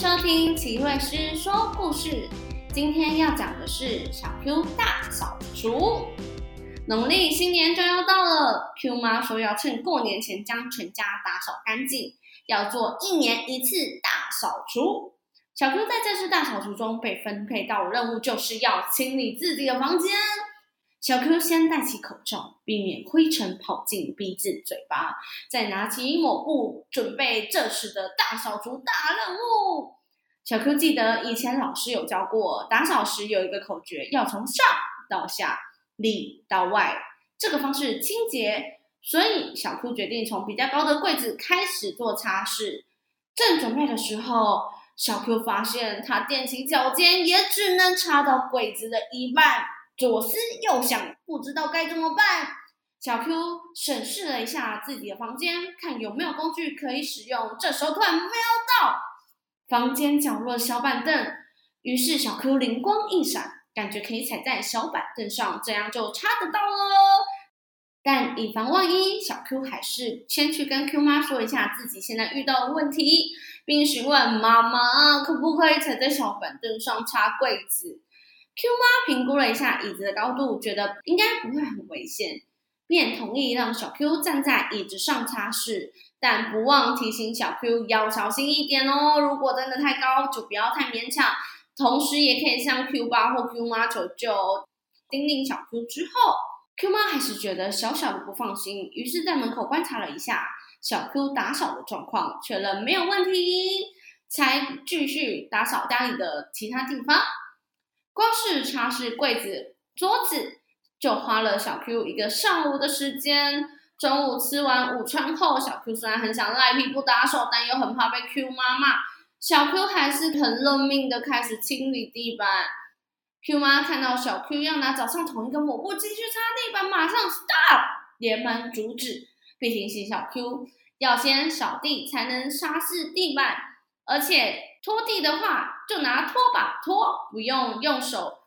收聽奇瑞斯說故事，今天要講的是小 Q 大掃除。農曆新年就要到了，Q 媽說要趁過年前將全家打掃乾淨，要做一年一次大掃除。小 Q 在這次大掃除中被分配到的任務，就是要清理自己的房間。小 Q 先戴起口罩，避免灰塵跑進鼻子嘴巴，再拿起一抹布，準備這次的大掃除大任務。小 Q 記得以前老師有教過，打掃時有一個口訣，要從上到下，裡到外，這個方式清潔。所以小 Q 決定從比較高的櫃子開始做擦拭。正準備的時候，小 Q 發現他踮起腳尖也只能擦到櫃子的一半。左思右想，不知道該怎麼辦。小 Q 審視了一下自己的房間，看有沒有工具可以使用。這時候突然瞄到房間角落小板凳，於是小 Q 靈光一閃，感覺可以踩在小板凳上，這樣就擦得到了。但以防萬一，小 Q 還是先去跟 Q 媽說一下自己現在遇到的問題，並詢問媽媽可不可以踩在小板凳上擦櫃子。Q 媽評估了一下椅子的高度，覺得應該不會很危險，便同意讓小 Q 站在椅子上擦拭，但不忘提醒小 Q 要小心一點哦。如果真的太高，就不要太勉強，同時也可以向 Q 爸或 Q 媽求救。叮嚀小 Q 之後，Q 媽還是覺得小小的不放心，於是，在門口觀察了一下小 Q 打掃的狀況，確認沒有問題，才繼續打掃家裡的其他地方。光是擦拭櫃子、桌子，就花了小 Q 一個上午的時間。中午吃完午餐後，小 Q 雖然很想賴皮不打掃，但又很怕被 Q 媽罵，小 Q 還是很認命的開始清理地板。Q 媽看到小 Q 要拿早上同一個抹布繼續擦地板，馬上 stop，連忙阻止，並提醒小 Q 要先掃地才能擦拭地板，而且，拖地的話就拿拖把拖，不用用手。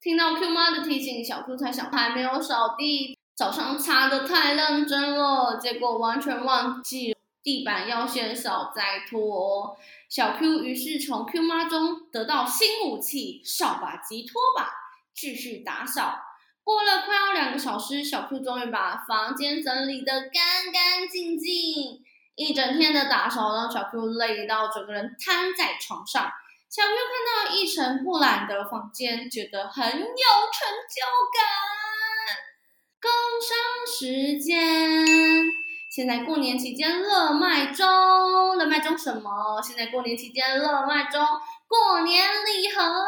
聽到 Q 媽的提醒，小 Q 才想還沒有掃地，早上擦得太認真了，結果完全忘記地板要先掃再拖。小 Q 於是從 Q 媽中得到新武器——掃把及拖把，繼續打掃。過了快要兩個小時，小 Q 終於把房間整理得乾乾淨淨。一整天的打掃讓小 Q 累到整個人癱在床上。小 Q 看到一塵不染的房間，覺得很有成就感。工商時間，現在過年期間熱賣中，熱賣中什麼？現在過年期間熱賣中，過年禮盒。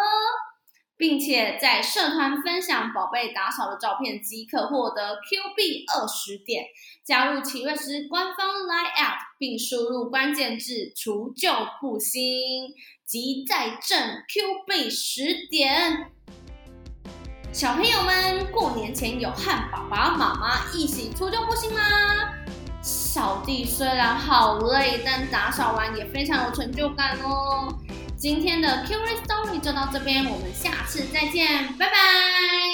並且在社團分享寶貝打掃的照片即可獲得 Q 幣二十點。加入奇瑞斯官方 Line App，並輸入關鍵字“除舊布新”，即再贈 Q 幣十點。小朋友們，過年前有和爸爸媽媽一起除舊布新嗎？掃地雖然好累，但打掃完也非常有成就感哦。今天的 Curious Story 就到這邊，我們下次再見，拜拜。